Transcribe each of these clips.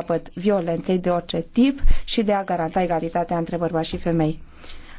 capăt violenței de orice tip și de a garanta egalitatea între bărbați și femei.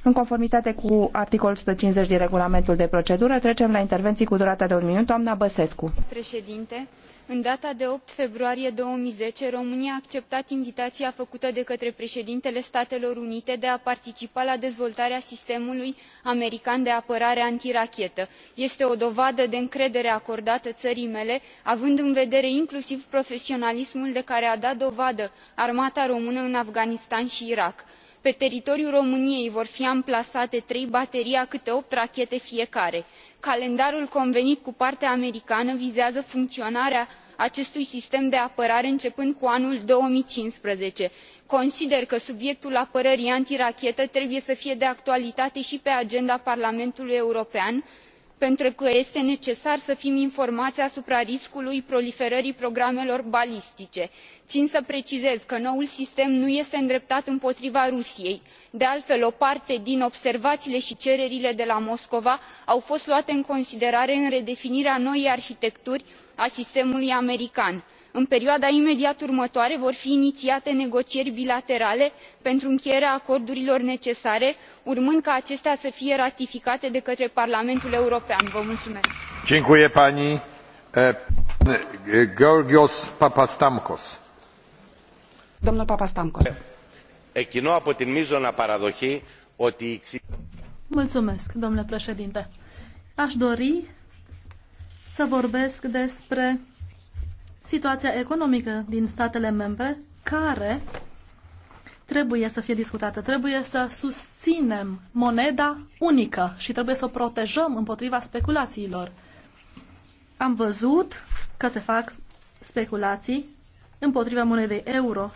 În conformitate cu articolul 150 din regulamentul de procedură, trecem la intervenții cu durata de un minut. Doamna Băsescu. Președinte, în data de opt februarie două mii zece românia a acceptat invitaia făcută de către preedintele statelor unite de a participa la dezvoltarea sistemului american de apărare antirachetă. este o dovadă de încredere acordată ării mele având în vedere inclusiv profesionalismul de care a dat dovadă armata română în afganistan i irak pe teritoriul româniei vor fi amplasate trei baterii a câte opt rachete fiecare. calendarul convenit cu partea americană vizează funcionarea acestui sistem de apărare începând cu anul. două mii cincisprezece consider că subiectul apărării antirachetă trebuie să fie de actualitate i pe agenda parlamentului european i pentru că este necesar să fim informai asupra riscului proliferării programelor balistice. in să precizez că noul sistem nu este îndreptat împotriva rusiei de altfel o parte din observaiile i cererile de la moscova au fost luate în considerare în redefinirea noii arhitecturi a sistemului american în perioada imediat următoare vor fi inițiate negocieri bilaterale pentru încheierea acordurilor necesare urmând ca acestea să fie ratificate de către parlamentul european. aș dori să vorbesc despre situația economică din statele membre care trebuie să fie discutată. Trebuie să susținem moneda unică și trebuie să o protejăm împotriva speculațiilor. Am văzut că se fac speculații împotriva monedei euro.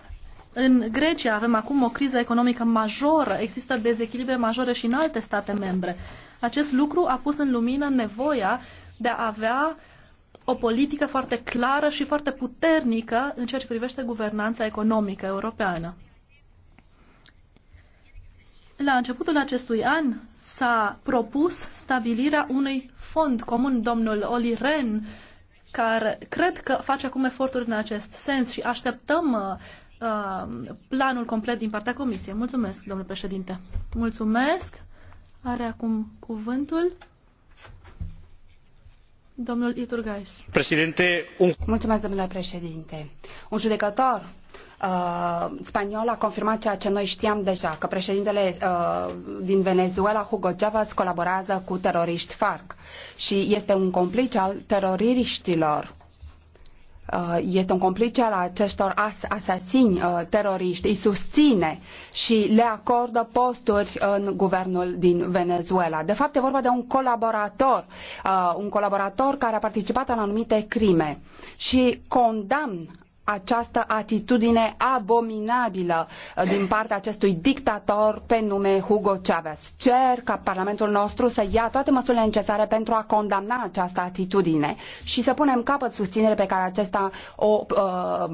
În Grecia avem acum o criză economică majoră, există dezechilibre majore și în alte state membre. Acest lucru a pus în lumină nevoia de a avea o politică foarte clară și foarte puternică în ceea ce privește guvernanța economică europeană. La începutul acestui an s-a propus stabilirea unui fond comun, domnul Oli Ren, care cred că face acum eforturi în acest sens și așteptăm uh, planul complet din partea Comisiei. Mulțumesc, domnule președinte. Mulțumesc. Are acum cuvântul Domnul Iturgais. Președinte, un... Mulțumesc, președinte. Un judecător uh, spaniol a confirmat ceea ce noi știam deja, că președintele uh, din Venezuela, Hugo Chavez, colaborează cu teroriști FARC și este un complice al teroriștilor Uh, este un complice al acestor as- asasini uh, teroriști, îi susține și le acordă posturi în guvernul din Venezuela. De fapt, e vorba de un colaborator, uh, un colaborator care a participat în anumite crime și condamn această atitudine abominabilă uh, din partea acestui dictator pe nume Hugo Chavez. Cer ca Parlamentul nostru să ia toate măsurile necesare pentru a condamna această atitudine și să punem capăt susținere pe care acesta o uh,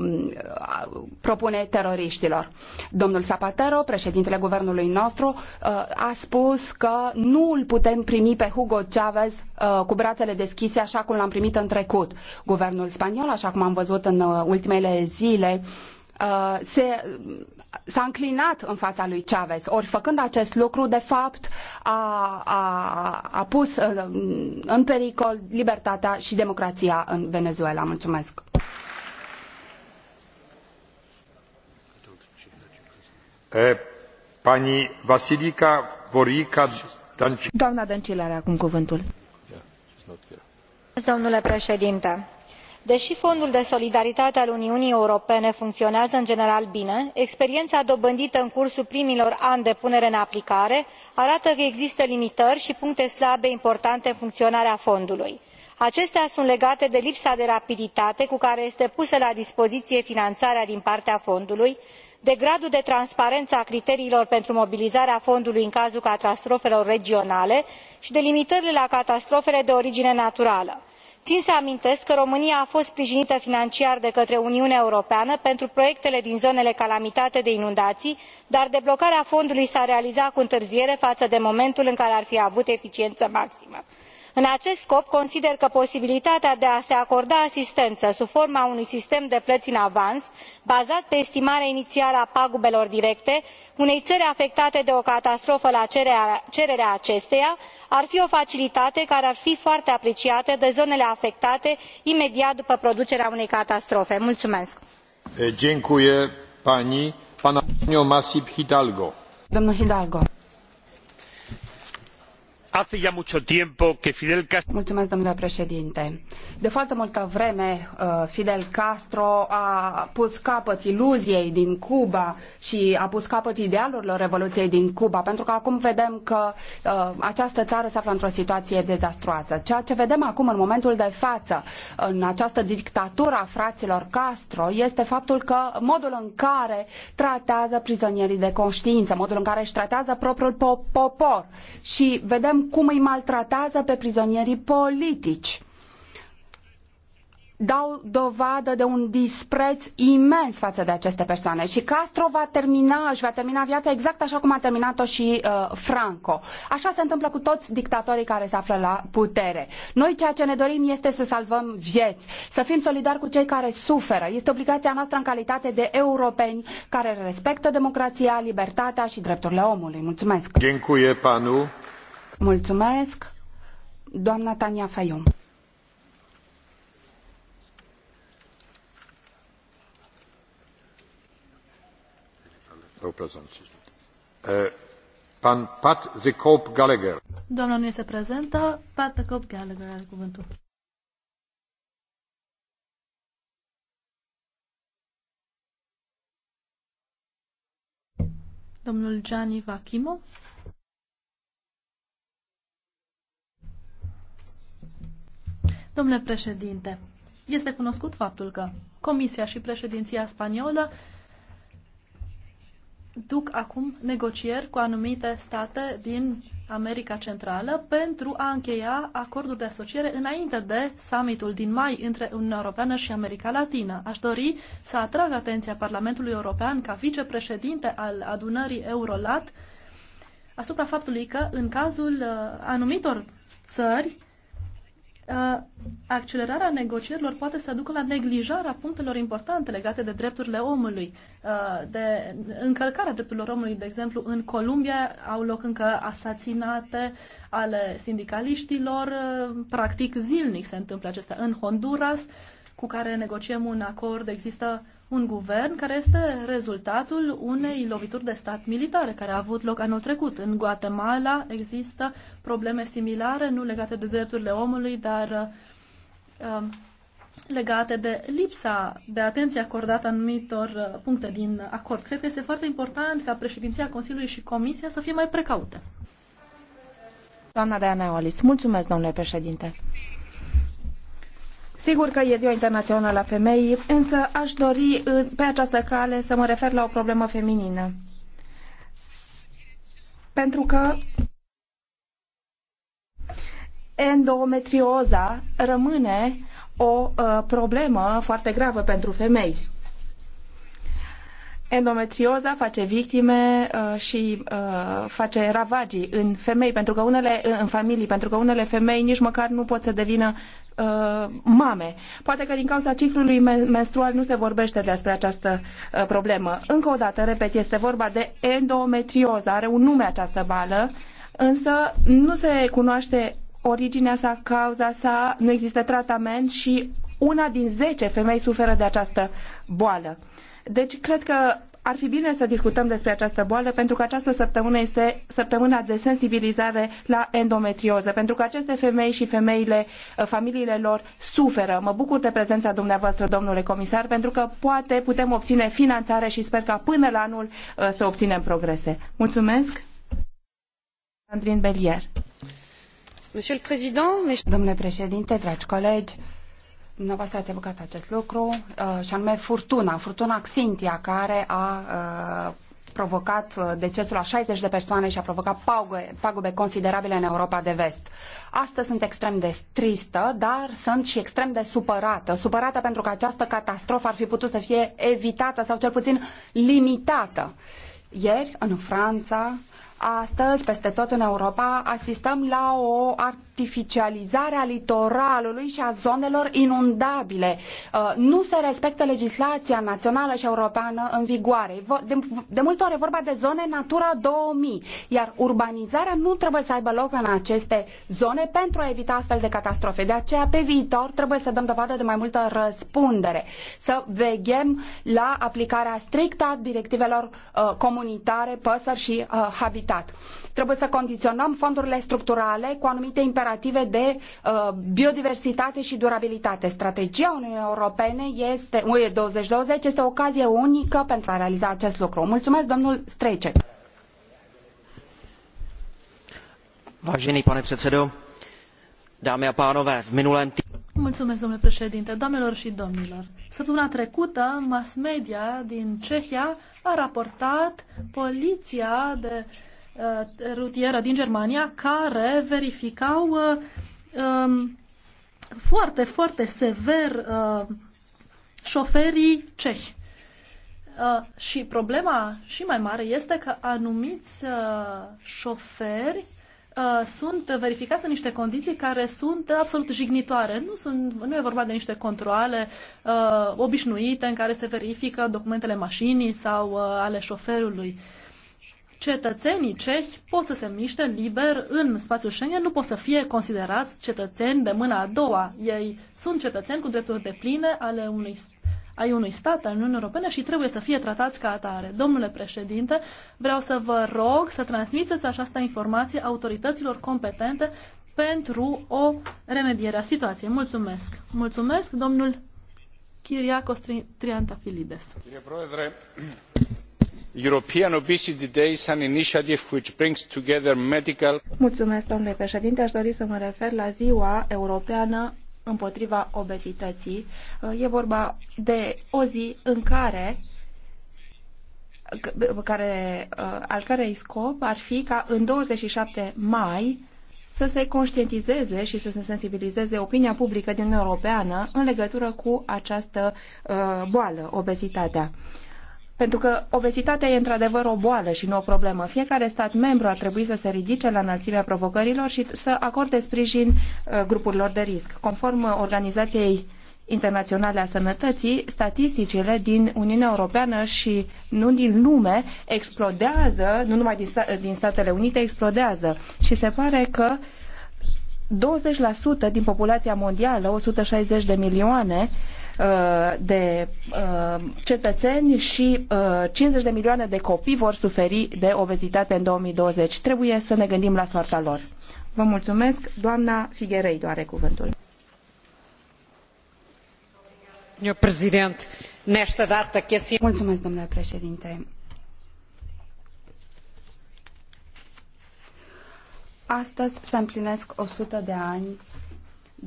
propune teroriștilor. Domnul Zapatero, președintele guvernului nostru, uh, a spus că nu îl putem primi pe Hugo Chavez uh, cu brațele deschise așa cum l-am primit în trecut. Guvernul spaniol, așa cum am văzut în uh, ultimele acele zile uh, se s-a înclinat în fața lui Chavez. Ori făcând acest lucru, de fapt, a, a, a pus uh, în pericol libertatea și democrația în Venezuela. Mulțumesc! Pani Vasilica Vorica Dancilă. Doamna Dăncilă are acum cuvântul. Domnule președinte, dei fondul de solidaritate al uniunii europene funcionează în general bine experiena dobândită în cursul primilor ani de punere în aplicare arată că există limitări i puncte slabe importante în funcionarea fondului. acestea sunt legate de lipsa de rapiditate cu care este pusă la dispoziie finanarea din partea fondului de gradul de transparenă a criteriilor pentru mobilizarea fondului în cazul catastrofelor regionale i de limitările la catastrofele de origine naturală in să amintesc că românia a fost sprijinită financiar de către uniunea europeană pentru proiectele din zonele calamitate de inundaii dar deblocarea fondului s a realizat cu întârziere faă de momentul în care ar fi avut eficienă maximă în acest scop consider că posibilitatea de a se acorda asistenă sub forma unui sistem de plăi în avans bazat pe estimarea iniială a pagubelor directe unei ări afectate de o catastrofă la cererea acesteia ar fi o facilitate care ar fi foarte apreciată de zonele afectate imediat după producerea unei catastrofe. hidalgo hace ya mucho tiempo que Fidel Castro. Mulțumesc, domnule președinte. De foarte multă vreme, uh, Fidel Castro a pus capăt iluziei din Cuba și a pus capăt idealurilor Revoluției din Cuba, pentru că acum vedem că uh, această țară se află într-o situație dezastruoasă. Ceea ce vedem acum, în momentul de față, în această dictatură a fraților Castro, este faptul că modul în care tratează prizonierii de conștiință, modul în care își tratează propriul popor. Și vedem cum îi maltratează pe prizonierii politici dau dovadă de un dispreț imens față de aceste persoane și Castro va termina, își va termina viața exact așa cum a terminat-o și uh, Franco. Așa se întâmplă cu toți dictatorii care se află la putere. Noi ceea ce ne dorim este să salvăm vieți, să fim solidari cu cei care suferă. Este obligația noastră în calitate de europeni care respectă democrația, libertatea și drepturile omului. Mulțumesc! Dziękuję panu. Mulțumesc. Doamna Tania Fayon. Pan Pat the Cope Gallagher. Doamna nu este prezentă. Pat the Cope Gallagher are cuvântul. Domnul Gianni Vachimo. Domnule președinte, este cunoscut faptul că Comisia și președinția spaniolă duc acum negocieri cu anumite state din America Centrală pentru a încheia acordul de asociere înainte de summitul din mai între Uniunea Europeană și America Latină. Aș dori să atrag atenția Parlamentului European ca vicepreședinte al adunării Eurolat asupra faptului că în cazul uh, anumitor țări Uh, accelerarea negocierilor poate să ducă la neglijarea punctelor importante legate de drepturile omului, uh, de încălcarea drepturilor omului, de exemplu, în Columbia au loc încă asasinate ale sindicaliștilor, uh, practic zilnic se întâmplă acestea. În Honduras cu care negociem un acord, există un guvern care este rezultatul unei lovituri de stat militare care a avut loc anul trecut. În Guatemala există probleme similare, nu legate de drepturile omului, dar uh, legate de lipsa de atenție acordată anumitor uh, puncte din acord. Cred că este foarte important ca președinția Consiliului și Comisia să fie mai precaute. Doamna Deana Olis, mulțumesc, domnule președinte. Sigur că e ziua internațională a femeii, însă aș dori pe această cale să mă refer la o problemă feminină. Pentru că endometrioza rămâne o uh, problemă foarte gravă pentru femei. Endometrioza face victime uh, și uh, face ravagii în femei, pentru că unele în familii, pentru că unele femei nici măcar nu pot să devină Uh, mame. Poate că din cauza ciclului menstrual nu se vorbește despre această uh, problemă. Încă o dată, repet, este vorba de endometrioză. Are un nume această bală, însă nu se cunoaște originea sa, cauza sa, nu există tratament și una din zece femei suferă de această boală. Deci cred că ar fi bine să discutăm despre această boală pentru că această săptămână este săptămâna de sensibilizare la endometrioză, pentru că aceste femei și femeile, uh, familiile lor suferă. Mă bucur de prezența dumneavoastră, domnule comisar, pentru că poate putem obține finanțare și sper ca până la anul uh, să obținem progrese. Mulțumesc! Andrin Belier. Domnule președinte, dragi colegi, Dumneavoastră ați evocat acest lucru, uh, și anume furtuna, furtuna Xintia, care a uh, provocat uh, decesul a 60 de persoane și a provocat pagube, pagube considerabile în Europa de vest. Astăzi sunt extrem de tristă, dar sunt și extrem de supărată. Supărată pentru că această catastrofă ar fi putut să fie evitată sau cel puțin limitată. Ieri, în Franța, astăzi, peste tot în Europa, asistăm la o artificializare a litoralului și a zonelor inundabile. Uh, nu se respectă legislația națională și europeană în vigoare. De multe ori e vorba de zone Natura 2000, iar urbanizarea nu trebuie să aibă loc în aceste zone pentru a evita astfel de catastrofe. De aceea, pe viitor, trebuie să dăm dovadă de mai multă răspundere, să veghem la aplicarea strictă a directivelor uh, comunitare păsări și uh, habitat. Trebuie să condiționăm fondurile structurale cu anumite imperative de uh, biodiversitate și durabilitate. Strategia Uniunii Europene este, UE 2020 este o ocazie unică pentru a realiza acest lucru. Mulțumesc, domnul Strecek. Vážený pane předsedo, dámy a pánové, v minulém týdnu... Mulțumesc, domnule președinte, doamnelor și domnilor. Săptămâna trecută, mass media din Cehia a raportat poliția de Uh, rutieră din Germania care verificau uh, um, foarte, foarte sever uh, șoferii cehi. și problema și mai mare este că anumiți șoferi sunt verificați în niște condiții care sunt absolut jignitoare. Nu, sunt, nu e vorba de niște controle uh, obișnuite în care se verifică documentele mașinii sau uh, ale șoferului. Uh, cetățenii cehi pot să se miște liber în spațiul Schengen, nu pot să fie considerați cetățeni de mâna a doua. Ei sunt cetățeni cu drepturi de pline ale unui ai unui stat, al Uniunii Europene și trebuie să fie tratați ca atare. Domnule președinte, vreau să vă rog să transmiteți această informație autorităților competente pentru o remediere a situației. Mulțumesc! Mulțumesc, domnul Chiriacos Triantafilides european obesity day is an initiative which brings together medical. domnule președinte. Aș dori să mă refer la ziua europeană împotriva obezității. E vorba de o zi în care care, al cărei scop ar fi ca în 27 mai să se conștientizeze și să se sensibilizeze opinia publică din Europeană în legătură cu această uh, boală, obezitatea. Pentru că obezitatea e într-adevăr o boală și nu o problemă. Fiecare stat membru ar trebui să se ridice la înălțimea provocărilor și să acorde sprijin uh, grupurilor de risc. Conform uh, Organizației Internaționale a Sănătății, statisticile din Uniunea Europeană și nu din lume explodează, nu numai din, din Statele Unite, explodează. Și se pare că 20% din populația mondială, 160 de milioane, Uh, de uh, cetățeni și 50 uh, de milioane de copii vor suferi de obezitate în 2020. Trebuie să ne gândim la soarta lor. Vă mulțumesc. Doamna Figherei doare cuvântul. Mulțumesc, domnule președinte. Astăzi se împlinesc 100 de ani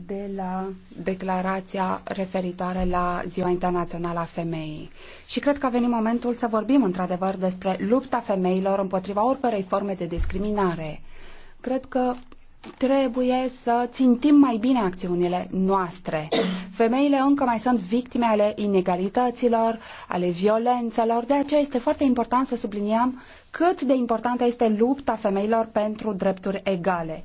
de la declarația referitoare la Ziua Internațională a Femeii. Și cred că a venit momentul să vorbim într-adevăr despre lupta femeilor împotriva oricărei forme de discriminare. Cred că trebuie să țintim mai bine acțiunile noastre. Femeile încă mai sunt victime ale inegalităților, ale violențelor, de aceea este foarte important să subliniem cât de importantă este lupta femeilor pentru drepturi egale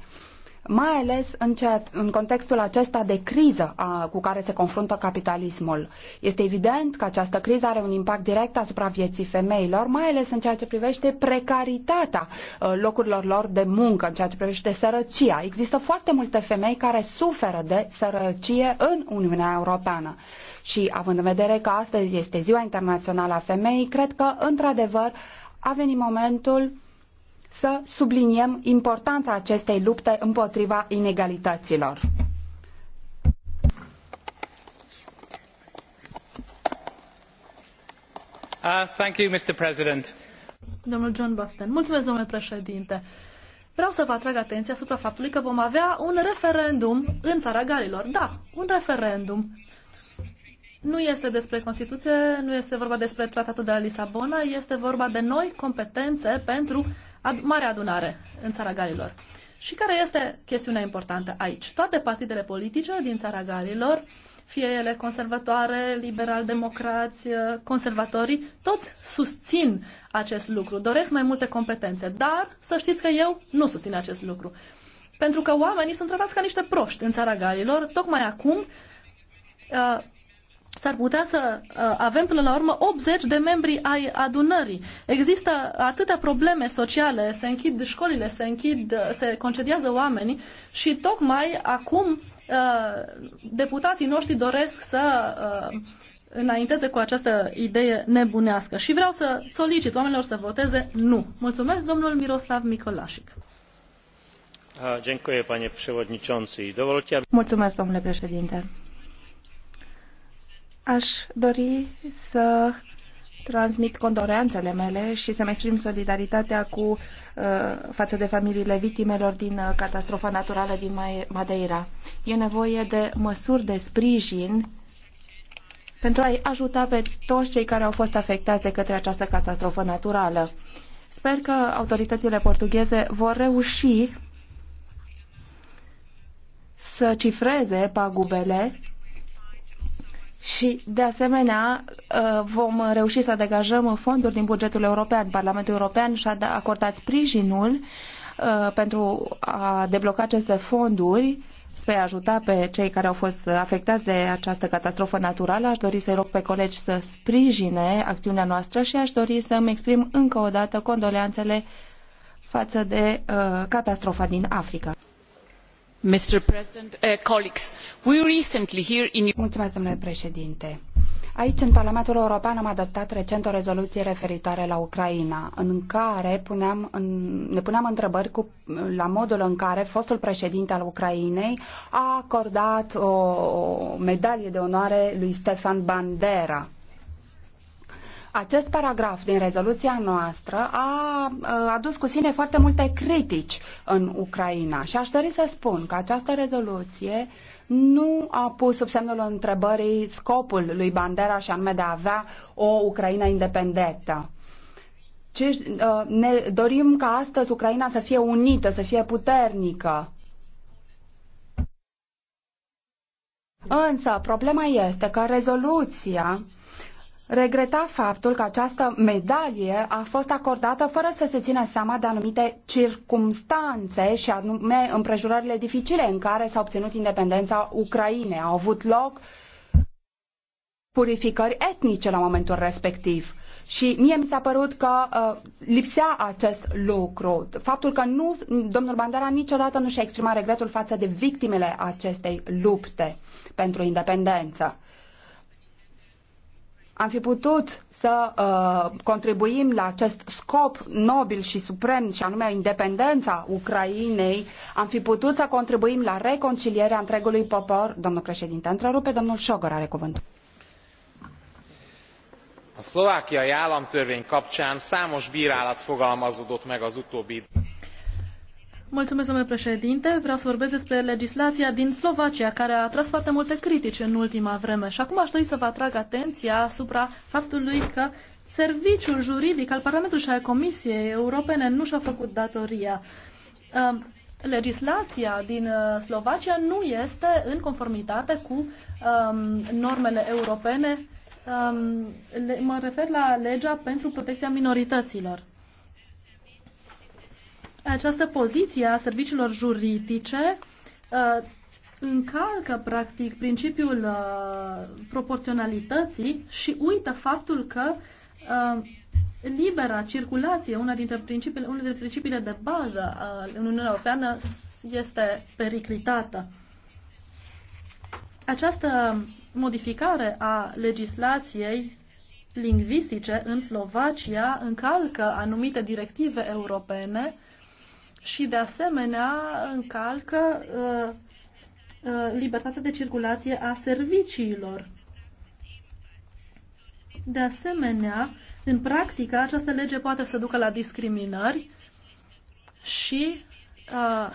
mai ales în, ce, în contextul acesta de criză a, cu care se confruntă capitalismul. Este evident că această criză are un impact direct asupra vieții femeilor, mai ales în ceea ce privește precaritatea ă, locurilor lor de muncă, în ceea ce privește sărăcia. Există foarte multe femei care suferă de sărăcie în Uniunea Europeană. Și având în vedere că astăzi este Ziua Internațională a Femeii, cred că, într-adevăr, a venit momentul uh, să subliniem importanța acestei lupte împotriva inegalităților. Uh, thank you, Mr. President. Domnul John Bafton. Mulțumesc, domnule președinte. Vreau să vă atrag atenția asupra faptului că vom avea un referendum în țara Galilor. Da, un referendum nu este despre Constituție, nu este vorba despre Tratatul de la Lisabona, este vorba de noi competențe pentru ad- Marea Adunare în Țara Galilor. Și care este chestiunea importantă aici? Toate partidele politice din Țara Galilor, fie ele conservatoare, liberal-democrați, conservatorii, toți susțin acest lucru, doresc mai multe competențe, dar să știți că eu nu susțin acest lucru. Pentru că oamenii sunt tratați ca niște proști în Țara Galilor, tocmai acum, uh, s-ar putea să uh, avem până la urmă 80 de membri ai adunării. Există atâtea probleme sociale, se închid școlile, se închid, uh, se concediază oamenii și tocmai acum uh, deputații noștri doresc să înainteze cu această idee nebunească și vreau să solicit oamenilor să voteze nu. Mulțumesc, domnul Miroslav Micolașic. Mulțumesc, domnule președinte. Aș dori să transmit condoleanțele mele și să-mi exprim solidaritatea cu uh, față de familiile victimelor din uh, catastrofa naturală din Madeira. E nevoie de măsuri de sprijin pentru a-i ajuta pe toți cei care au fost afectați de către această catastrofă naturală. Sper că autoritățile portugheze vor reuși să cifreze pagubele și, de asemenea, uh, vom reuși să degajăm fonduri din bugetul european. Parlamentul European și-a da- acordat sprijinul uh, pentru a debloca aceste fonduri spre a ajuta pe cei care au fost afectați de această catastrofă naturală. Aș dori să-i rog pe colegi să sprijine acțiunea noastră și aș dori să-mi exprim încă o dată condoleanțele față de uh, catastrofa din Africa. Uh, Aici, în Parlamentul European, am adoptat recent o rezoluție referitoare la Ucraina, în care ne puneam întrebări cu, la modul în care fostul președinte al Ucrainei a acordat o, o medalie de onoare lui Stefan Bandera acest paragraf din rezoluția noastră a adus cu sine foarte multe critici în Ucraina și aș dori să spun că această rezoluție nu a pus sub semnul întrebării scopul lui Bandera și anume de a avea o Ucraina independentă. Ci, ă, ne dorim ca astăzi Ucraina să fie unită, să fie puternică, Însă, problema este că rezoluția regreta faptul că această medalie a fost acordată fără să se țină seama de anumite circumstanțe și anume împrejurările dificile în care s-a obținut independența Ucrainei. Au avut loc purificări etnice la momentul respectiv. Și mie mi s-a părut că uh, lipsea acest lucru. Faptul că nu, domnul Bandera niciodată nu și-a exprimat regretul față de victimele acestei lupte pentru independență am fi putut să uh, contribuim la acest scop nobil și suprem, și anume independența Ucrainei, am fi putut să contribuim la reconcilierea întregului popor. Domnul președinte, întrerupe, domnul Șogor are cuvântul. A szlovákiai államtörvény kapcsán számos bírálat fogalmazódott meg az utóbbi Mulțumesc, domnule președinte. Vreau să vorbesc despre legislația din Slovacia, care a atras foarte multe critici în ultima vreme. Și acum aș dori să vă atrag atenția asupra faptului că serviciul juridic al Parlamentului și al Comisiei Europene nu și-a făcut datoria. Legislația din uh, Slovacia nu este în conformitate cu normele europene. Mă refer la legea pentru protecția minorităților. Această poziție a serviciilor juridice uh, încalcă, practic, principiul uh, proporționalității și uită faptul că uh, libera circulație, una dintre principiile, unul dintre principiile de bază uh, în Uniunea Europeană, este periclitată. Această modificare a legislației lingvistice în Slovacia încalcă anumite directive europene uh, și, de asemenea, încalcă uh, uh, libertatea de circulație a serviciilor. De asemenea, în practică, această lege poate să ducă la discriminări și uh,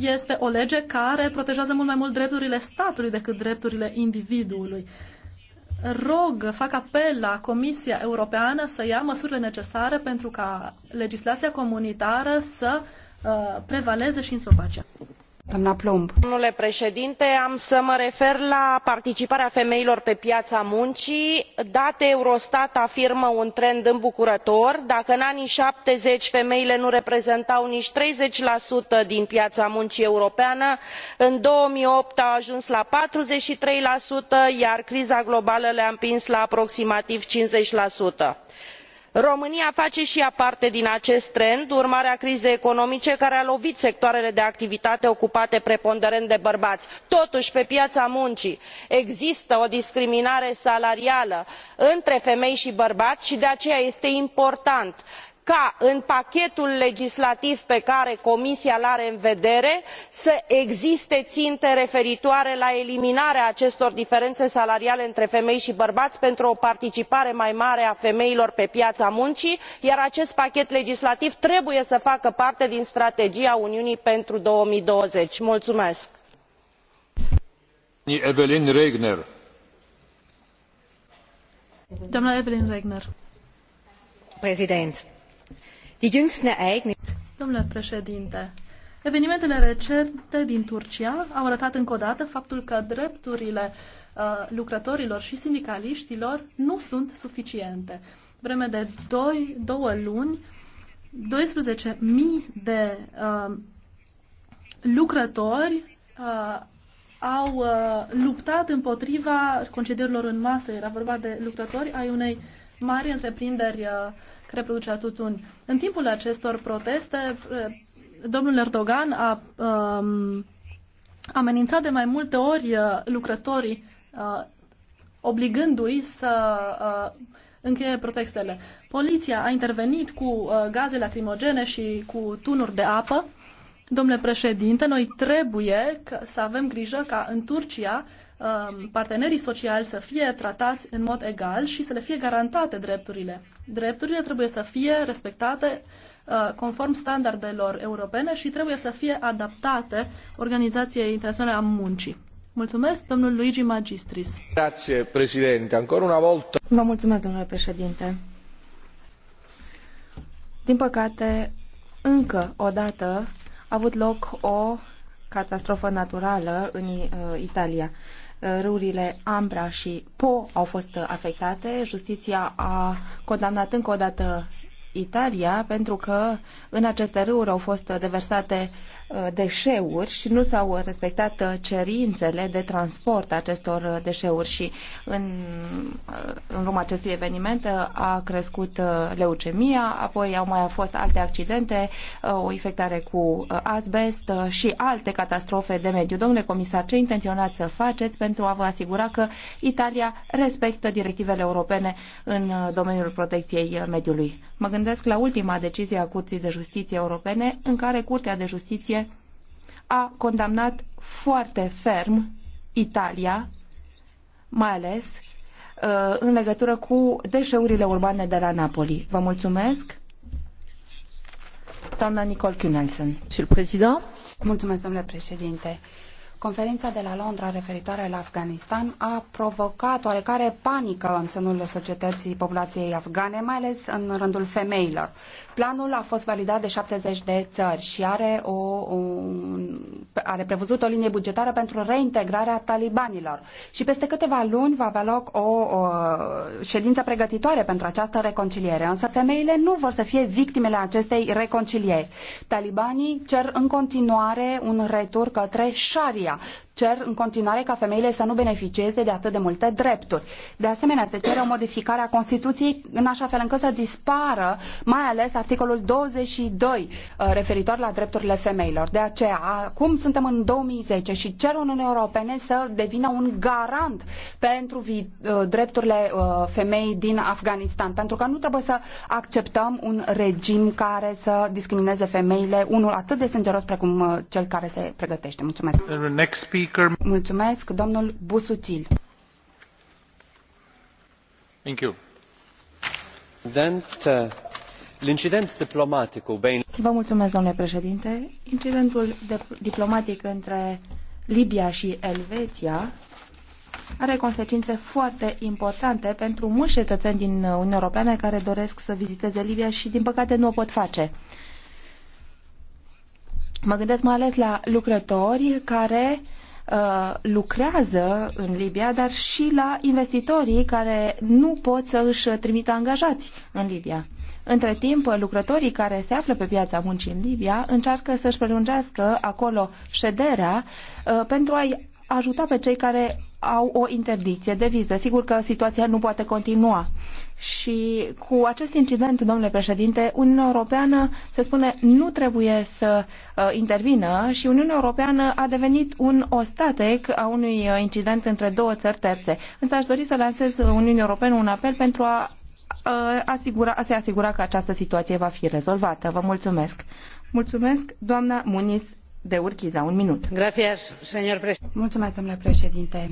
este o lege care protejează mult mai mult drepturile statului decât drepturile individului rog, fac apel la Comisia Europeană să ia măsurile necesare pentru ca legislația comunitară să uh, prevaleze și în Slovacia am să mă refer la participarea femeilor pe piaa muncii date eurostat afirmă un trend îmbucurător dacă în anii șaptezeci femeile nu reprezentau nici treizeci din piaa muncii europeană în două mii opt au ajuns la patruzeci și trei iar criza globală le a împins la aproximativ cincizeci românia face i ea parte din acest trend urmare a crizei economice care a lovit sectoarele de activitate ocupate preponderent de bărbai. totui pe piaa muncii există o discriminare salarială între femei i bărbai i de aceea este important ca ca în pachetul legislativ pe care comisia îl are în vedere să existe inte referitoare la eliminarea acestor diferene salariale între femei i bărbai pentru o participare mai mare a femeilor pe piaa muncii iar acest pachet legislativ trebuie să facă parte din strategia uniunii pentru. două mii douăzeci domnule Die jüngsten Ereignisse. Domnule președinte, evenimentele recente din Turcia au arătat încă o dată faptul că drepturile uh, lucrătorilor și sindicaliștilor nu sunt suficiente. Vreme de doi, două luni, 12.000 de uh, lucrători uh, au uh, luptat împotriva concedierilor în masă. Era vorba de lucrători ai unei mari întreprinderi uh, care producea tutun. În timpul acestor proteste, eh, domnul Erdogan a um, amenințat de mai multe ori eh, lucrătorii, uh, obligându-i să uh, încheie protestele. Poliția a intervenit cu uh, gaze lacrimogene și cu tunuri de apă. Domnule președinte, noi trebuie să avem grijă ca în Turcia ehm, partenerii sociali să fie tratați în mod egal și să le fie garantate drepturile. Drepturile trebuie să fie respectate uh, conform standardelor europene și trebuie să fie adaptate Organizației Internaționale a Muncii. Mulțumesc, domnul Luigi Magistris. Grazie, președinte. Încă una volta. Vă mulțumesc, domnule președinte. Din păcate, încă o dată a avut loc o catastrofă naturală în uh, Italia râurile Ambra și Po au fost afectate. Justiția a condamnat încă o dată Italia pentru că în aceste râuri au fost deversate Uh, deșeuri și nu s-au respectat uh, cerințele de transport acestor uh, deșeuri și în, în urma acestui eveniment a crescut leucemia, apoi au mai fost alte accidente, o infectare cu asbest și alte catastrofe de mediu. Domnule comisar, ce intenționați să faceți pentru a vă asigura că Italia respectă directivele europene în domeniul protecției mediului? Mă gândesc la ultima decizie a Curții de Justiție Europene, în care Curtea de Justiție a condamnat foarte ferm Italia, mai ales uh, în legătură cu deșeurile urbane de la Napoli. Vă mulțumesc! Doamna Nicole Cunelson. Mulțumesc, domnule președinte. Conferința de la Londra referitoare la Afganistan a provocat oarecare panică în sânul societății populației afgane, mai ales în rândul femeilor. Planul a fost validat de 70 de țări și are, o, un, are prevăzut o linie bugetară pentru reintegrarea talibanilor. Și peste câteva luni va avea loc o, o ședință pregătitoare pentru această reconciliere. Însă femeile nu vor să fie victimele acestei reconcilieri. Talibanii cer în continuare un retur către Sharia familia. Cer în continuare ca femeile să nu beneficieze de atât de multe drepturi. De asemenea, se cere o modificare a Constituției în așa fel încât să dispară mai ales articolul 22 uh, referitor la drepturile femeilor. De aceea, acum suntem în 2010 și cer Uniunii Europene să devină un garant pentru uh, drepturile uh, femei din Afganistan, pentru că nu trebuie să acceptăm un regim care să discrimineze femeile, unul atât de sângeros precum cel care se pregătește. Mulțumesc! Next speaker. Mulțumesc, domnul Busutil. Thank you. Uh, l'incident diplomatic Vă mulțumesc, domnule președinte. Incidentul diplomatic între Libia și Elveția are consecințe foarte importante pentru mulți cetățeni din Uniunea Europeană care doresc să viziteze Libia și, din păcate, nu o pot face. Mă gândesc mai ales la lucrători care uh, lucrează în Libia, dar și la investitorii care nu pot să își trimită angajați în Libia. Între timp, lucrătorii care se află pe piața muncii în Libia încearcă să-și prelungească acolo șederea uh, pentru a-i ajuta pe cei care au o interdicție de viză. Sigur că situația nu poate continua. Și cu acest incident, domnule președinte, Uniunea Europeană, se spune, nu trebuie să uh, intervină și Uniunea Europeană a devenit un ostatec a unui uh, incident între două țări terțe. Însă aș dori să lansez Uniunii Europene un apel pentru a, uh, asigura, a se asigura că această situație va fi rezolvată. Vă mulțumesc. Mulțumesc, doamna Muniz de Urchiza. Un minut. Gracias, señor președinte. Mulțumesc, domnule președinte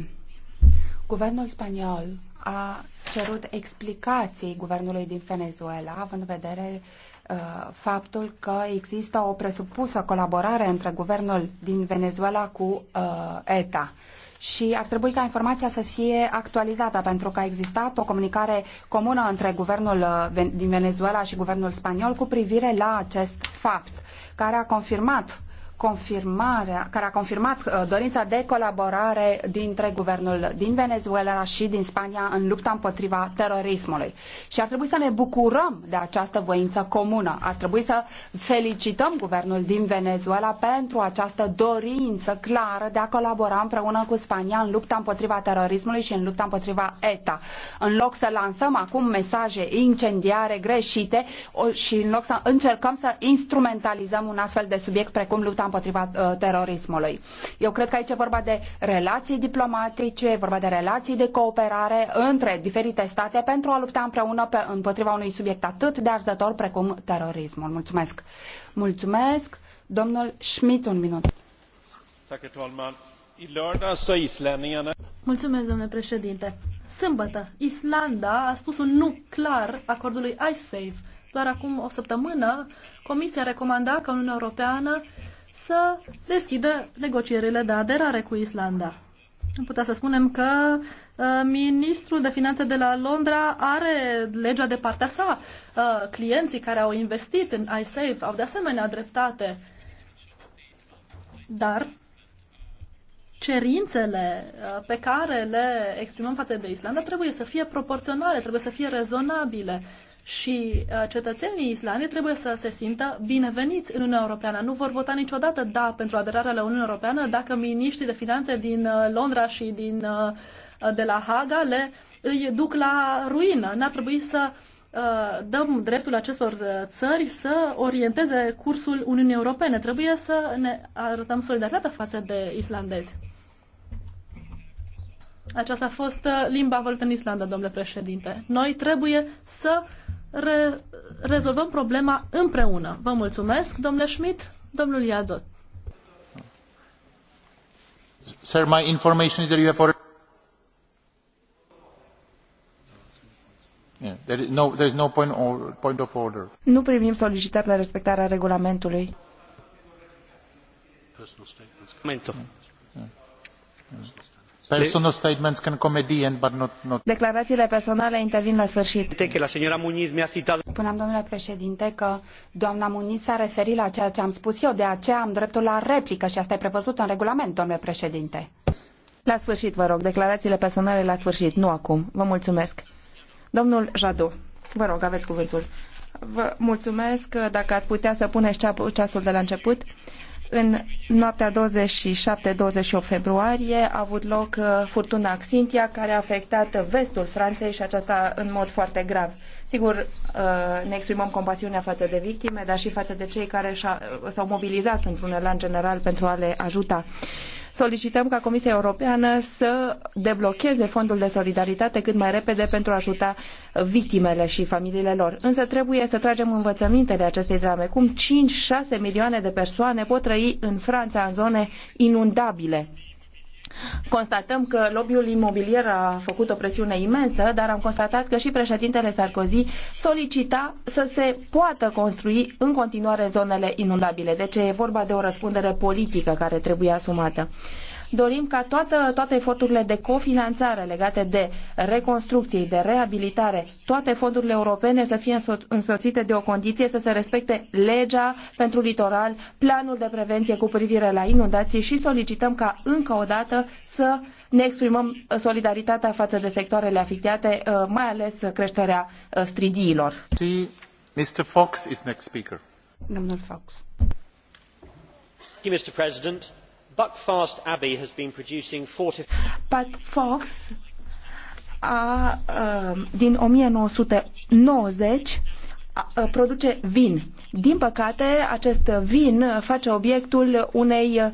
Guvernul spaniol a cerut explicații guvernului din Venezuela, având în vedere uh, faptul că există o presupusă colaborare între guvernul din Venezuela cu uh, ETA și ar trebui ca informația să fie actualizată pentru că a existat o comunicare comună între guvernul uh, din Venezuela și guvernul spaniol cu privire la acest fapt, care a confirmat confirmarea, care a confirmat uh, dorința de colaborare dintre guvernul din Venezuela și din Spania în lupta împotriva terorismului. Și ar trebui să ne bucurăm de această voință comună. Ar trebui să felicităm guvernul din Venezuela pentru această dorință clară de a colabora împreună cu Spania în lupta împotriva terorismului și în lupta împotriva ETA. În loc să lansăm acum mesaje incendiare greșite și în loc să încercăm să instrumentalizăm un astfel de subiect precum lupta împotriva uh, terorismului. Eu cred că aici e vorba de relații diplomatice, e vorba de relații de cooperare între diferite state pentru a lupta împreună pe, împotriva unui subiect atât de arzător precum terorismul. Mulțumesc! Mulțumesc! Domnul Schmidt, un minut. Mulțumesc, domnule președinte. Sâmbătă, Islanda a spus un nu clar acordului ISAFE. Doar acum o săptămână, Comisia recomanda ca Uniunea Europeană să deschidă negocierile de aderare cu Islanda. Putea să spunem că uh, ministrul de finanțe de la Londra are legea de partea sa. Uh, clienții care au investit în iSafe au de asemenea dreptate. Dar cerințele uh, pe care le exprimăm față de Islanda trebuie să fie proporționale, trebuie să fie rezonabile și uh, cetățenii Islandei trebuie să se simtă bineveniți în Uniunea Europeană. Nu vor vota niciodată da pentru aderarea la Uniunea Europeană dacă miniștrii de finanțe din uh, Londra și din, uh, de la Haga le îi duc la ruină. N-ar trebui să dăm dreptul acestor țări să orienteze cursul Uniunii Europene. Trebuie să ne arătăm solidaritatea față de islandezi. Aceasta a fost limba vorbită în Islanda, domnule președinte. Noi trebuie să uh, re- rezolvăm problema împreună. Vă mulțumesc, domnule Schmidt, domnul Iadot. Sir, my information is that you have already... Yeah, there is no, there is no point, or, point of order. Nu primim solicitări de respectare a regulamentului. Personal statements. Yeah. Yeah. Yeah. Personal statements can come at the end, but not, not... Declarațiile personale intervin la sfârșit. Que la señora Muniz mi-a citat... Spuneam, domnule președinte, că doamna Muniz s-a referit la ceea ce am spus eu, de aceea am dreptul la replică și asta e prevăzut în regulament, domnule președinte. La sfârșit, vă rog, declarațiile personale la sfârșit, nu acum. Vă mulțumesc. Domnul Jadu, vă rog, aveți cuvântul. Vă mulțumesc dacă ați putea să puneți ceasul de la început. În noaptea 27-28 februarie a avut loc uh, furtuna Xintia, care a afectat vestul Franței și aceasta în mod foarte grav. Sigur, uh, ne exprimăm compasiunea față de victime, dar și față de cei care s-au mobilizat într-un elan general pentru a le ajuta solicităm ca Comisia Europeană să deblocheze fondul de solidaritate cât mai repede pentru a ajuta victimele și familiile lor. Însă trebuie să tragem învățămintele acestei drame. Cum 5-6 milioane de persoane pot trăi în Franța, în zone inundabile Constatăm că lobby-ul imobiliar a făcut o presiune imensă, dar am constatat că și președintele Sarkozy solicita să se poată construi în continuare zonele inundabile. Deci e vorba de o răspundere politică care trebuie asumată dorim ca toată, toate eforturile de cofinanțare legate de reconstrucție, de reabilitare, toate fondurile europene să fie însoțite de o condiție să se respecte legea pentru litoral, planul de prevenție cu privire la inundații și solicităm ca încă o dată să ne exprimăm solidaritatea față de sectoarele afectate, uh, mai ales creșterea uh, stridiilor. Mr. Fox is next speaker. Domnul Fox. Mr. President. Buckfast Abbey has been producing Buckfox a, din 1990 produce vin. Din păcate, acest vin face obiectul unei uh,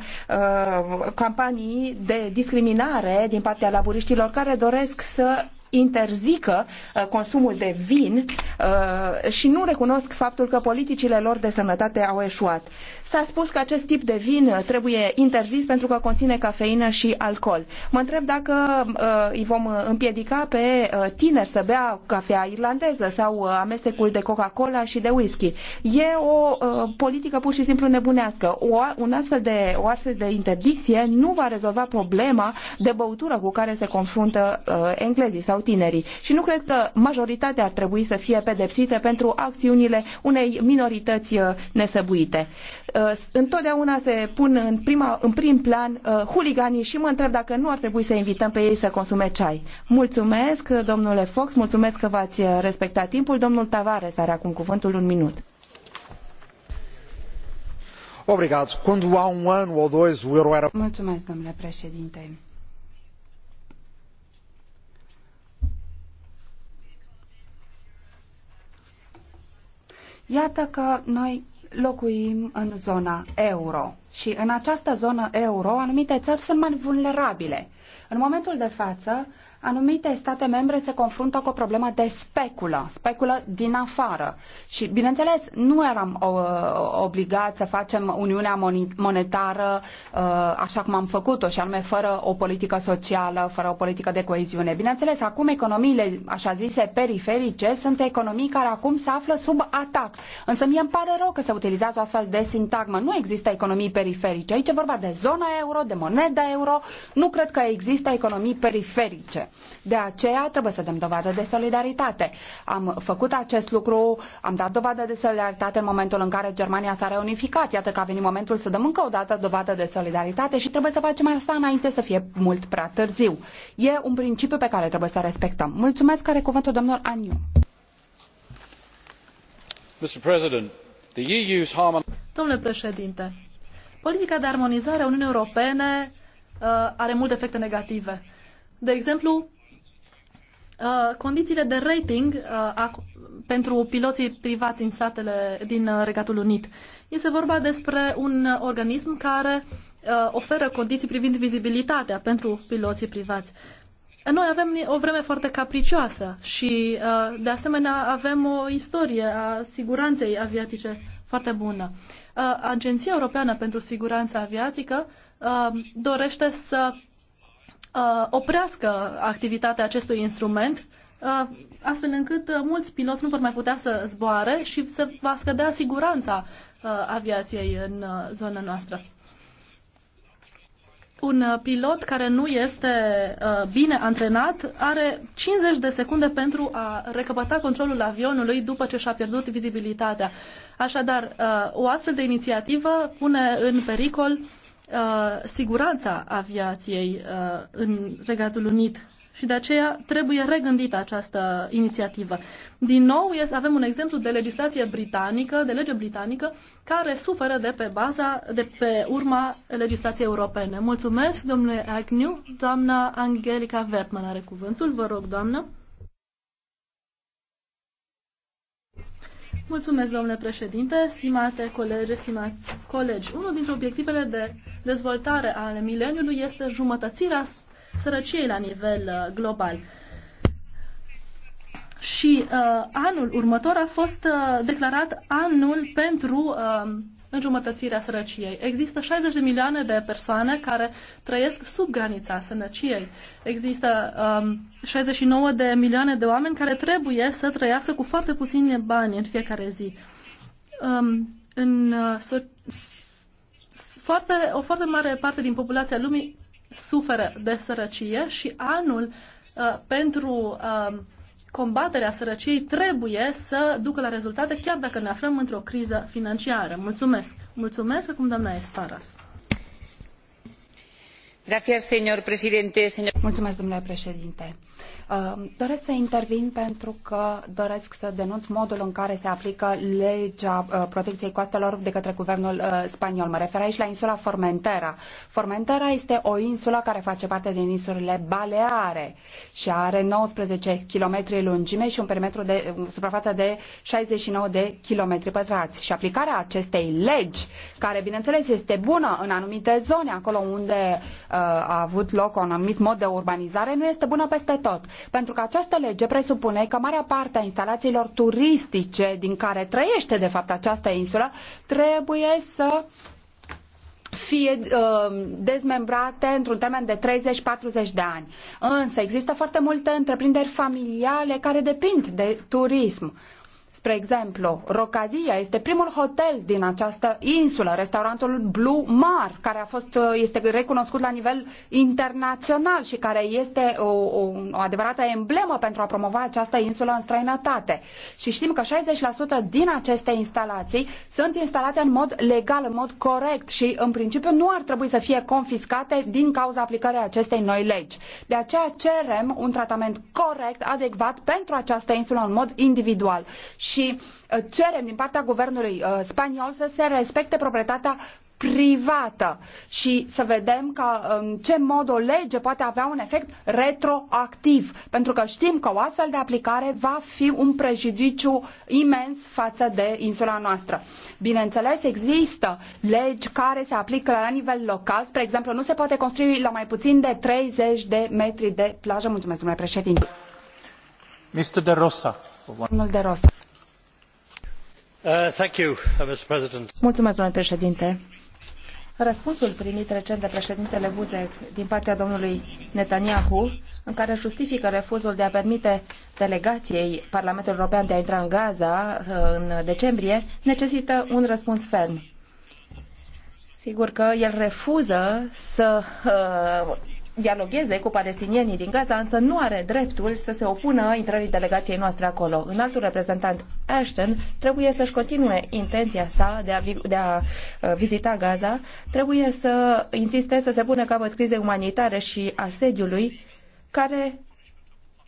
campanii de discriminare din partea laburiștilor care doresc să interzică uh, consumul de vin uh, și nu recunosc faptul că politicile lor de sănătate au eșuat. S-a spus că acest tip de vin uh, trebuie interzis pentru că conține cafeină și alcool. Mă întreb dacă îi vom împiedica pe tineri să bea cafea irlandeză sau amestecul de Coca-Cola și de whisky. E o politică pur și simplu nebunească. O, un astfel de, o astfel de interdicție nu va rezolva problema de băutură cu care se confruntă englezii sau tinerii. Și nu cred că majoritatea ar trebui să fie pedepsite pentru acțiunile unei minorități uh, nesăbuite. Uh, întotdeauna se pun în, prima, în prim plan uh, huliganii și mă întreb dacă nu ar trebui să invităm pe ei să consume ceai. Mulțumesc, domnule Fox, mulțumesc că v-ați respectat timpul. Domnul Tavares are acum cuvântul un minut. Obrigado. Quando há um ano ou dois o euro era. Mulțumesc, domnule președinte. Iată că noi locuim în zona euro și în această zonă euro anumite țări sunt mai vulnerabile. În momentul de față anumite state membre se confruntă cu o problemă de speculă, speculă din afară. Și, bineînțeles, nu eram uh, obligați să facem Uniunea Monetară uh, așa cum am făcut-o, și anume fără o politică socială, fără o politică de coeziune. Bineînțeles, acum economiile, așa zise, periferice, sunt economii care acum se află sub atac. Însă mie îmi pare rău că se utilizează o astfel de sintagmă. Nu există economii periferice. Aici e vorba de zona euro, de moneda euro. Nu cred că există economii periferice. De aceea trebuie să dăm dovadă de solidaritate. Am făcut acest lucru, am dat dovadă de solidaritate în momentul în care Germania s-a reunificat. Iată că a venit momentul să dăm încă o dată dovadă de solidaritate și trebuie să facem asta înainte să fie mult prea târziu. E un principiu pe care trebuie să respectăm. Mulțumesc, care cuvântul domnul Aniu. Domnule președinte, politica de armonizare a Uniunii Europene uh, are multe efecte negative de exemplu, uh, condițiile de rating uh, pentru piloții privați în statele din uh, Regatul Unit. Este vorba despre un organism care oferă condiții privind vizibilitatea pentru piloții privați. Noi avem o vreme foarte capricioasă și, de asemenea, avem o istorie a siguranței aviatice foarte bună. Agenția Europeană pentru Siguranța Aviatică dorește să uh, oprească activitatea acestui instrument, uh, astfel încât uh, mulți piloți nu vor mai putea să zboare și se va scădea siguranța uh, aviației în uh, zona noastră. Un uh, pilot care nu este uh, bine antrenat are 50 de secunde pentru a recăpăta controlul avionului după ce și-a pierdut vizibilitatea. Așadar, uh, o astfel de inițiativă pune în pericol uh, Uh, siguranța aviației uh, în Regatul Unit și de aceea trebuie regândită această inițiativă. Din nou, avem un exemplu de legislație britanică, de lege britanică, care suferă de pe baza, de pe urma legislației europene. Mulțumesc, domnule Agnew. Doamna Angelica Vertman are cuvântul. Vă rog, doamnă. Mulțumesc, domnule președinte, stimate colegi, stimați colegi. Unul dintre obiectivele de dezvoltare ale mileniului este jumătățirea sărăciei la nivel uh, global. Și uh, anul următor a fost uh, declarat anul pentru uh, înjumătățirea sărăciei. Există 60 de milioane de persoane care trăiesc sub granița sărăciei. Există um, 69 de milioane de oameni care trebuie să trăiască cu foarte puțini bani în fiecare zi. Um, în, uh, so foarte, o foarte mare parte din populația lumii suferă de sărăcie și anul uh, pentru uh, combaterea sărăciei trebuie să ducă la rezultate, chiar dacă ne aflăm într-o criză financiară. Mulțumesc! Mulțumesc acum doamna Estaras. Gracias, señor presidente. Señor... Mulțumesc, domnule președinte. Um, doresc să intervin pentru că doresc să denunț modul în care se aplică legea uh, protecției coastelor de către guvernul uh, spaniol. Mă refer aici la insula Formentera. Formentera este o insulă care face parte din insulele Baleare și are 19 km lungime și un perimetru de suprafață de 69 de km pătrați. Și aplicarea acestei legi, care bineînțeles este bună în anumite zone, acolo unde uh, a avut loc un anumit mod de urbanizare, nu este bună peste tot. Pentru că această lege presupune că marea parte a instalațiilor turistice din care trăiește de fapt această insulă trebuie să fie uh, dezmembrate într-un termen de 30-40 de ani. Însă există foarte multe întreprinderi familiale care depind de turism. Spre exemplu, Rocadia este primul hotel din această insulă, restaurantul Blue Mar, care a fost, uh, este recunoscut la nivel internațional și care este o, uh, o, o adevărată emblemă pentru a promova această insulă în străinătate. Și știm că 60% din aceste instalații sunt instalate în mod legal, în mod corect și în principiu nu ar trebui să fie confiscate din cauza aplicării acestei noi legi. De aceea cerem un tratament corect, adecvat pentru această insulă în mod individual și uh, cerem din partea guvernului uh, spaniol să se respecte proprietatea privată și să vedem că, în um, ce mod o lege poate avea un efect retroactiv, pentru că știm că o astfel de aplicare va fi un prejudiciu imens față de insula noastră. Bineînțeles, există legi care se aplică la nivel local, spre exemplu, nu se poate construi la mai puțin de 30 de metri de plajă. Mulțumesc, domnule președinte. Mr. De Rosa. Domnul De Rosa. Uh, uh, răspunsul primit recent de preedintele buzek din partea domnului netanyahu în care justifică refuzul de a permite delegaiei parlamentului european de a intra în gaza uh, în decembrie necesită un răspuns ferm. sigur că el refuză să dialogheze cu palestinienii din Gaza, însă nu are dreptul să se opună intrării delegației noastre acolo. În altul reprezentant Ashton trebuie să-și continue intenția sa de a, de a uh, vizita Gaza, trebuie să insiste să se pună capăt crizei umanitare și asediului care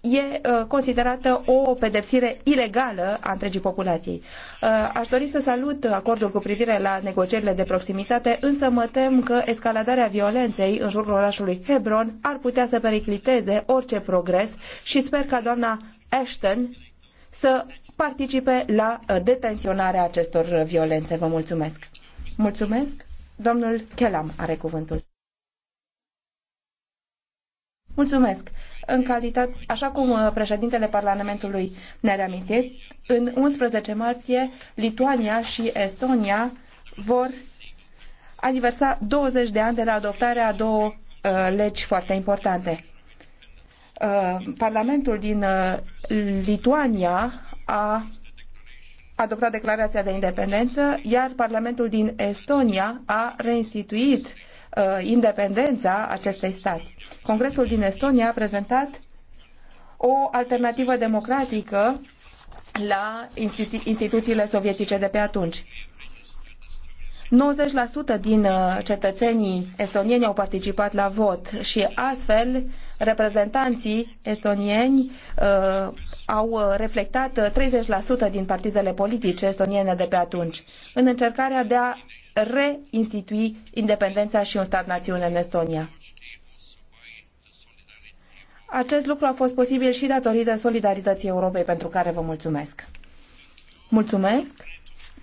e uh, considerată o pedepsire ilegală a întregii populației. Uh, aș dori să salut acordul cu privire la negocierile de proximitate, însă mă tem că escaladarea violenței în jurul orașului Hebron ar putea să pericliteze orice progres și sper ca doamna Ashton să participe la uh, detenționarea acestor violențe. Vă mulțumesc! Mulțumesc! Domnul Chelam are cuvântul. Mulțumesc! în calitate, așa cum uh, președintele Parlamentului ne-a reamintit, în 11 martie Lituania și Estonia vor aniversa 20 de ani de la adoptarea a două uh, legi foarte importante. Uh, Parlamentul din uh, Lituania a adoptat declarația de independență, iar Parlamentul din Estonia a reinstituit Uh, independența acestui stat. Congresul din Estonia a prezentat o alternativă democratică la institu- instituțiile sovietice de pe atunci. 90% din uh, cetățenii estonieni au participat la vot și astfel reprezentanții estonieni uh, au reflectat 30% din partidele politice estoniene de pe atunci în încercarea de a reinstitui independența și un stat națiune în Estonia. Acest lucru a fost posibil și datorită solidarității Europei, pentru care vă mulțumesc. Mulțumesc.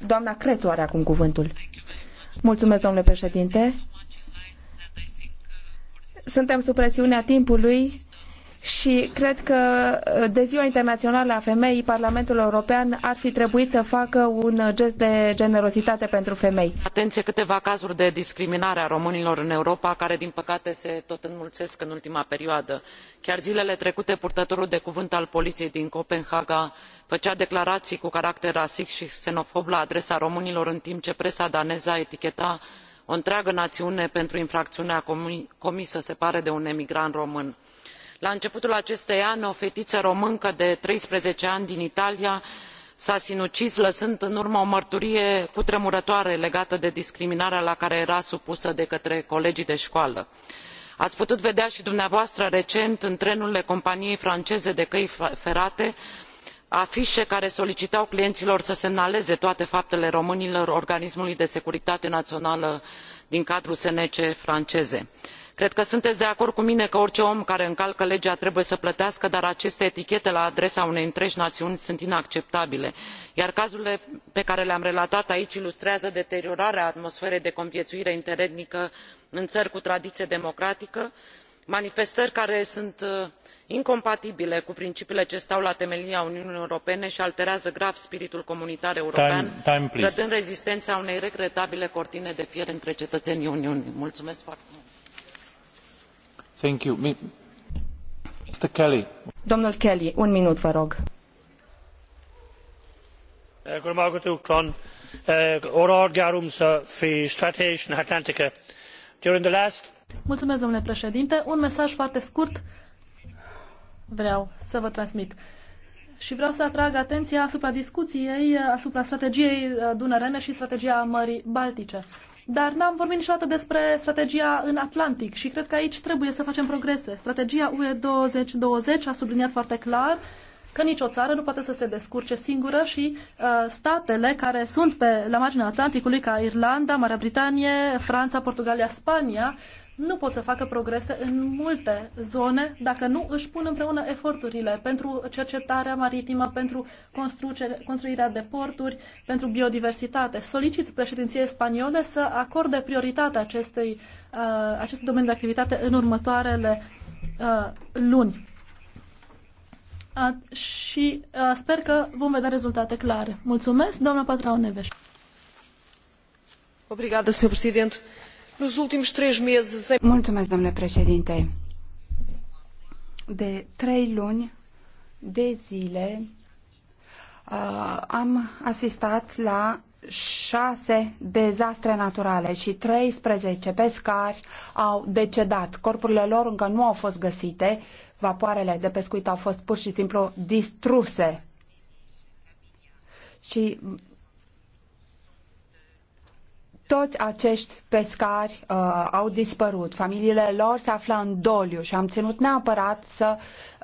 Doamna Crețu are acum cuvântul. Mulțumesc, domnule președinte. Suntem sub presiunea timpului și cred că uh, de Ziua Internațională a Femeii, Parlamentul European ar fi trebuit să facă un uh, gest de generozitate pentru femei. Atenție câteva cazuri de discriminare a românilor în Europa, care din păcate se tot înmulțesc în ultima perioadă. Chiar zilele trecute, purtătorul de cuvânt al poliției din Copenhaga făcea declarații cu caracter rasist și xenofob la adresa românilor, în timp ce presa daneză eticheta o întreagă națiune pentru infracțiunea comisă, se pare, de un emigrant român la începutul acestui an o fetiă româncă de treisprezece ani din italia s a sinucis lăsând în urmă o mărturie cutremurătoare legată de discriminarea la care era supusă de către colegii de coală. ai putut vedea i dumneavoastră recent în trenurile companiei franceze de căi ferate afie care solicitau clienilor să semnaleze toate faptele românilor organismului de securitate naională din cadrul sncf francez cred că sunteți de acord cu mine că orice om care încalcă legea trebuie să plătească dar aceste etichete la adresa unei întregi națiuni sunt inacceptabile iar cazurile pe care le am relatat aici ilustrează deteriorarea atmosferei de convieuire interetnică în ări cu tradiie democratică manifestări care sunt uh, incompatibile cu principiile ce stau la temelia uniunii europene i alterează grav spiritul comunitar european trădând rezistena unei regretabile cortine de fier între cetăenii uniunii. Domnule Kelly. un minut, vă rog. Eh, Mulțumesc, domnule președinte. Un mesaj foarte scurt vreau să vă transmit. Și vreau să atrag atenția asupra discuției, asupra strategiei eh, dunărene și strategia Mării Baltice. Dar n-am vorbit niciodată despre strategia în Atlantic și cred că aici trebuie să facem progrese. Strategia UE 2020 a subliniat foarte clar că nicio țară nu poate să se descurce singură și uh, statele care sunt pe la marginea Atlanticului, ca Irlanda, Marea Britanie, Franța, Portugalia, Spania, nu pot să facă progrese în multe zone dacă nu își pun împreună eforturile pentru cercetarea maritimă, pentru construirea de porturi, pentru biodiversitate. Solicit președinției spaniole să acorde prioritate acestei, uh, acestui domeniu de activitate în următoarele uh, luni. Uh, și uh, sper că vom vedea rezultate clare. Mulțumesc, doamna Patrao Neveș. Obrigada, Sr. Presidente. Nos últimos três meses... Mulțumesc, De trei luni de zile uh, am asistat la șase dezastre naturale și 13 pescari au decedat. Corpurile lor încă nu au fost găsite, vapoarele de pescuit au fost pur și simplu distruse. Și toți acești pescari uh, au dispărut, familiile lor se află în doliu și am ținut neapărat să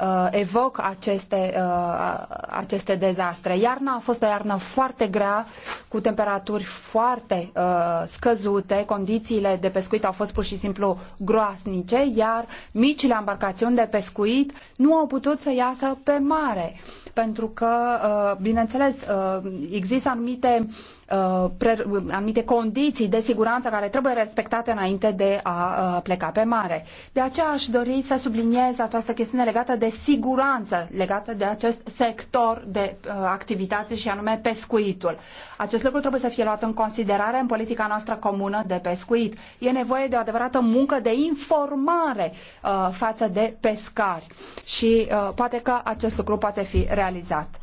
uh, evoc aceste, uh, aceste dezastre. Iarna a fost o iarnă foarte grea, cu temperaturi foarte uh, scăzute, condițiile de pescuit au fost pur și simplu groasnice, iar micile embarcațiuni de pescuit nu au putut să iasă pe mare, pentru că, uh, bineînțeles, uh, există anumite Uh, anumite condiții de siguranță care trebuie respectate înainte de a uh, pleca pe mare. De aceea aș dori să subliniez această chestiune legată de siguranță, legată de acest sector de uh, activitate și anume pescuitul. Acest lucru trebuie să fie luat în considerare în politica noastră comună de pescuit. E nevoie de o adevărată muncă de informare față de pescari și poate că acest lucru poate fi realizat.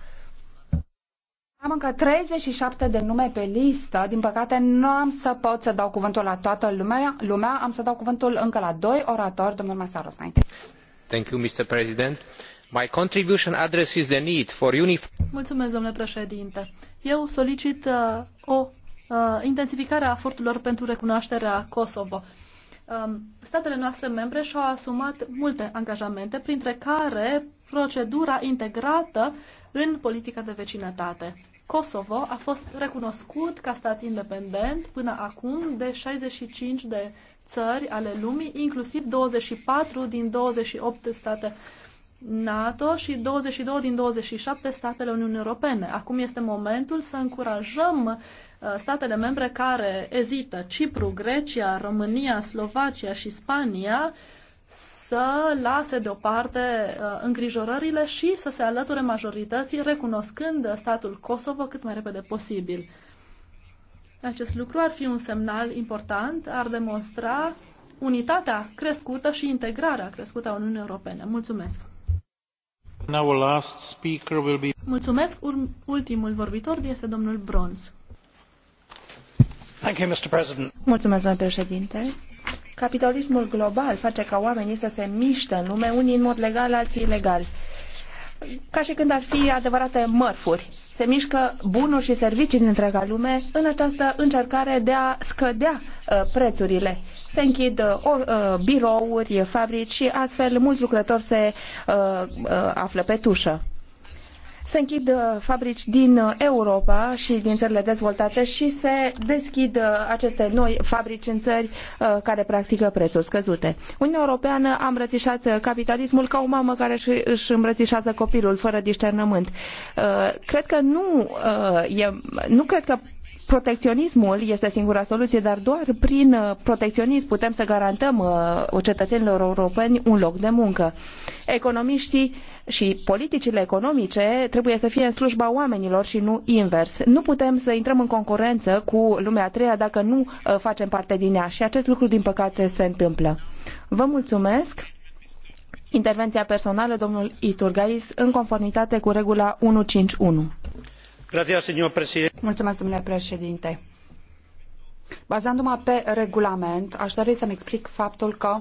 Am încă 37 de nume pe listă. Din păcate, nu am să pot să dau cuvântul la toată lumea. lumea. Am să dau cuvântul încă la doi oratori, domnul Masarov. Thank you, Mr. President. My contribution addresses the need for unif- Mulțumesc, domnule președinte. Eu solicit uh, o uh, intensificare a eforturilor pentru recunoașterea Kosovo. Um, statele noastre membre și-au asumat multe angajamente, printre care procedura integrată în politica de vecinătate. Kosovo a fost recunoscut ca stat independent până acum de 65 de țări ale lumii, inclusiv 24 din 28 state NATO și 22 din 27 statele Uniunii Europene. Acum este momentul să încurajăm uh, statele membre care ezită, Cipru, Grecia, România, Slovacia și Spania, să lase deoparte uh, îngrijorările și să se alăture majorității, recunoscând statul Kosovo cât mai repede posibil. Acest lucru ar fi un semnal important, ar demonstra unitatea crescută și integrarea crescută a Uniunii Europene. Mulțumesc! Our last speaker will be... Mulțumesc! Ultimul vorbitor este domnul Bronz. Thank you, Mr. President. Mulțumesc, domnule președinte. Capitalismul global face ca oamenii să se miște în lume, unii în mod legal, alții ilegal. Ca și când ar fi adevărate mărfuri. Se mișcă bunuri și servicii din întreaga lume în această încercare de a scădea uh, prețurile. Se închid uh, uh birouri, fabrici și astfel mulți lucrători se uh, uh află pe tușă se închid uh, fabrici din uh, Europa și din țările dezvoltate și se deschid uh, aceste noi fabrici în țări care practică prețuri scăzute. Uniunea Europeană a îmbrățișat capitalismul ca o mamă care își îmbrățișează copilul fără discernământ. Cred că nu, e, nu cred că protecționismul este singura soluție, dar doar prin uh, protecționism putem să garantăm uh, cetățenilor europeni un loc de muncă. Economiștii și politicile economice trebuie să fie în slujba oamenilor și nu invers. Nu putem să intrăm în concurență cu lumea a treia dacă nu uh, facem parte din ea și acest lucru, din păcate, se întâmplă. Vă mulțumesc! Intervenția personală, domnul Iturgais, în conformitate cu regula 151 bazându mă pe regulament a dori să mi explic faptul că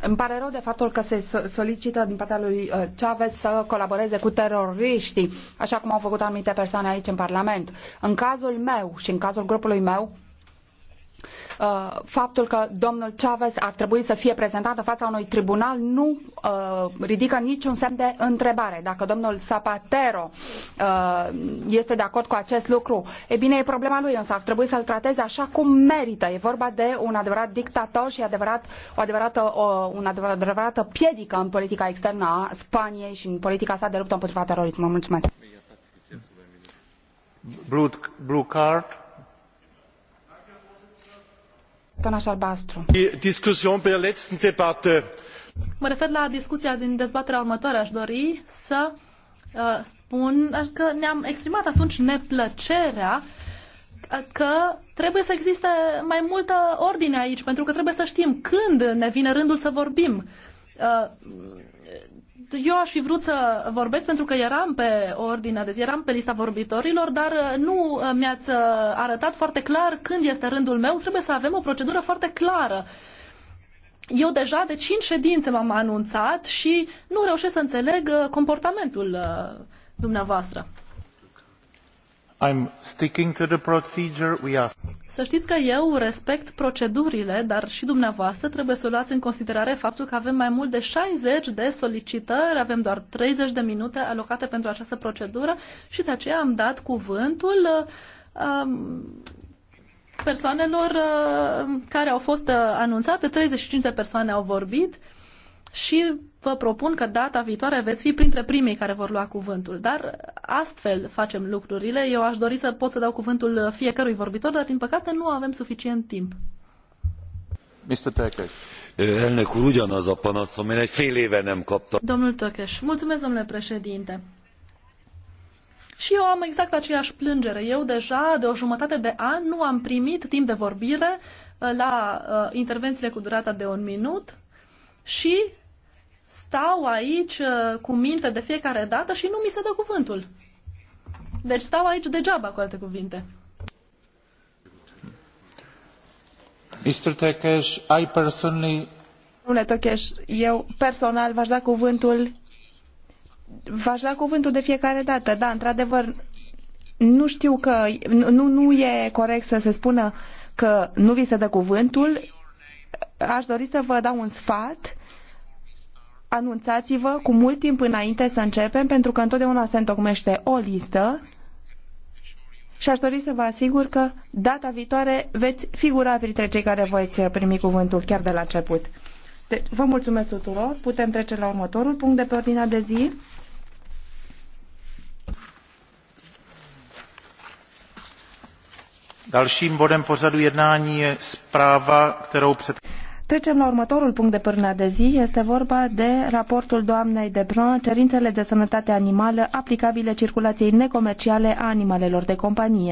îmi pare rău de faptul că se solicită din partea lui uh, Chavez să colaboreze cu teroritii așa cum au făcut anumite persoane aici în Parlament. În cazul meu și în cazul grupului meu, Uh, faptul că domnul Chavez ar trebui să fie prezentat în fața unui tribunal nu uh, ridică niciun semn de întrebare. Dacă domnul Zapatero uh, este de acord cu acest lucru, e bine, e problema lui, însă ar trebui să-l trateze așa cum merită. E vorba de un adevărat dictator și adevărat, o adevărată, o, un adevărată piedică în politica externă a Spaniei și în politica sa de luptă împotriva terorismului. Mulțumesc! Blue, blue card. Mă refer la discuția din dezbaterea următoare. Aș dori să uh, spun că ne-am exprimat atunci neplăcerea că trebuie să existe mai multă ordine aici, pentru că trebuie să știm când ne vine rândul să vorbim. Uh, eu aș fi vrut să vorbesc pentru că eram pe ordinea de zi, eram pe lista vorbitorilor, dar uh, nu uh, mi-ați uh, arătat foarte clar când este rândul meu. Trebuie să avem o procedură foarte clară. Eu deja de cinci ședințe m-am anunțat și nu reușesc să înțeleg comportamentul dumneavoastră. I'm sticking to the procedure we asked. Să știți că eu respect procedurile, dar și dumneavoastră trebuie să luați în considerare faptul că avem mai mult de 60 de solicitări, avem doar 30 de minute alocate pentru această procedură și de aceea am dat cuvântul um, persoanelor uh, care au fost uh, anunțate, 35 de persoane au vorbit și vă propun că data viitoare veți fi printre primii care vor lua cuvântul. Dar astfel facem lucrurile. Eu aș dori să pot să dau cuvântul fiecărui vorbitor, dar din păcate nu avem suficient timp. Mr. Tökes. Elnök úr, ugyanaz a panasz, amin egy fél éve nem kaptam. Domnul Tökes, mulțumesc, domnule președinte. Și eu am exact aceeași plângere. Eu deja de o jumătate de an nu am primit timp de vorbire uh, la uh, intervențiile cu durata de un minut și stau aici uh, cu minte de fiecare dată și nu mi se dă cuvântul. Deci stau aici degeaba, cu alte cuvinte. Mr. Tekes, I personally... Domnule Tokes, eu personal v-aș da cuvântul v-aș da cuvântul de fiecare dată. Da, într-adevăr, nu știu că nu, nu e corect să se spună că nu vi se dă cuvântul. Aș dori să vă dau un sfat anunțați-vă cu mult timp înainte să începem, pentru că întotdeauna se întocmește o listă și aș dori să vă asigur că data viitoare veți figura printre cei care voi primi cuvântul chiar de la început. Deci, vă mulțumesc tuturor. Putem trece la următorul punct de pe ordinea de zi. Dalším bodem pořadu jednání je zpráva, kterou před... Trecem la următorul punct de pârnă de zi. Este vorba de raportul doamnei de Brun, cerințele de sănătate animală aplicabile circulației necomerciale a animalelor de companie.